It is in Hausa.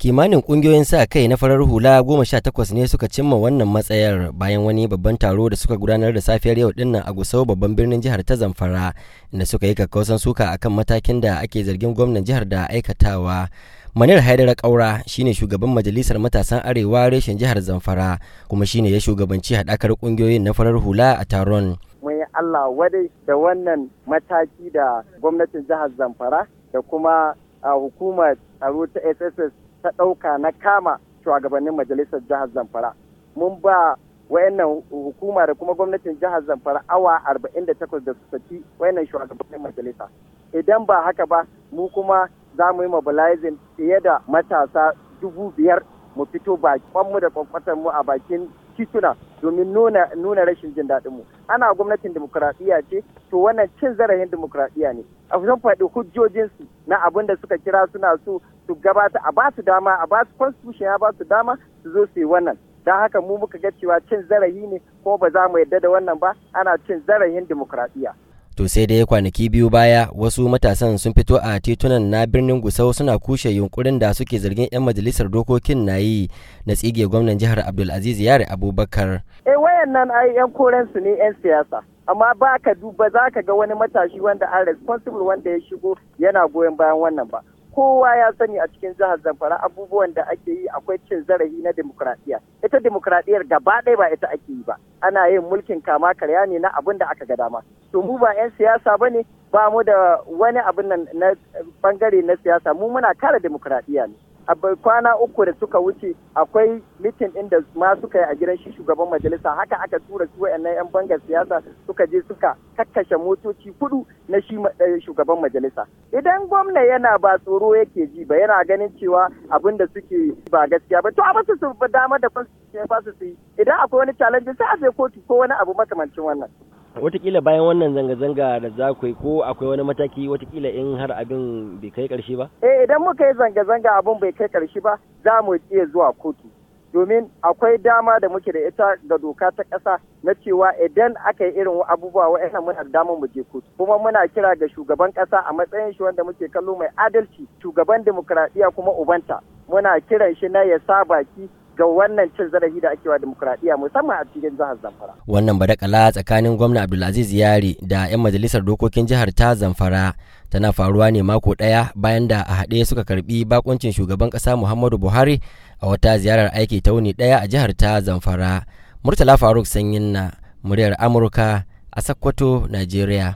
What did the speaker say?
kimanin kungiyoyin sa kai na farar hula goma sha takwas ne suka cimma wannan matsayar bayan wani babban taro da suka gudanar da safiyar yau din nan a gusau babban birnin jihar ta zamfara da suka yi kakkausan suka akan matakin da ake zargin gwamnan jihar da aikatawa manir haidara kaura shine shugaban majalisar matasan arewa reshen jihar zamfara kuma shine ya shugabanci haɗakar kungiyoyin na farar hula a taron mai allah wadai da wannan mataki da gwamnatin jihar zamfara da kuma a hukumar tsaro ta sss ta ɗauka na kama shugabannin majalisar jihar zamfara mun ba wayannan hukuma da kuma gwamnatin jihar zamfara awa 48 da su saki wayannan shugabannin majalisa idan ba haka ba mu kuma za mu yi mobilizing fiye da matasa dubu biyar mu fito ba mu da kwankwatar mu a bakin tituna domin nuna rashin jin daɗinmu ana gwamnatin demokuraɗiyya ce to wannan cin zarafin demokuraɗiyya ne a kusan faɗi hujjojinsu na abin da suka kira suna so su gabata a ba su dama a ba su constitution ya ba su dama su zo su yi wannan don haka mu muka ga cewa cin zarafi ne ko ba za mu yarda da wannan ba ana cin zarafin demokuraɗiyya to sai dai kwanaki biyu baya wasu matasan sun fito a titunan na birnin gusau suna kushe yunkurin da suke zargin 'yan majalisar dokokin na yi na tsige gwamnan jihar abdulaziz yare abubakar eh wayannan ai 'yan su ne 'yan siyasa amma ba ka duba za ka ga wani matashi wanda an responsible wanda ya shigo yana goyon bayan wannan ba kowa ya sani a cikin jihar zamfara abubuwan da ake yi akwai cin zarafi na demokradiyya dimokuraɗiyar gaba ɗaya ba ita ake yi ba ana yin mulkin kama karya ne na abin da aka ga dama to mu ba 'yan siyasa ba ne ba mu da wani abin nan na bangare na siyasa mu muna kare dimokuraɗiyya ne abai kwana uku da suka wuce akwai mitin ɗin da ma suka yi a gidan shi shugaban majalisa haka aka tura su na yan bangar siyasa suka je suka kakkashe motoci kudu na shi eh, shugaban majalisa idan gwamna yana ba tsoro yake ji ba yana ganin cewa abin da suke ba gaskiya ba to a basu su dama da fasu su yi idan akwai wani challenge sai a je kotu ko wani abu makamancin wannan watakila bayan wannan zanga-zanga da za ku yi ko akwai wani mataki watakila in har abin bai kai karshe ba? Eh idan muka yi zanga-zanga abin bai kai karshe ba za mu iya zuwa kotu. Domin akwai dama da muke da ita ga doka ta ƙasa na cewa idan aka yi irin abubuwa wa'annan muna damar mu je kotu. Kuma muna kira ga shugaban ƙasa a matsayin shi wanda muke kallo mai adalci shugaban demokuraɗiyya kuma ubanta. Muna kiran shi na ya sa baki ga wannan cin zarafi da ake wa demokuraɗiyya musamman a cikin jihar Zamfara. Wannan badakala tsakanin gwamna Abdulaziz Yari da 'yan majalisar dokokin jihar ta Zamfara tana faruwa ne mako ɗaya bayan da a haɗe suka karbi bakuncin shugaban ƙasa Muhammadu Buhari a wata ziyarar aiki ta wuni ɗaya a jihar ta Zamfara. Murtala Faruk Sanyin na muryar Amurka a Sokoto, Najeriya.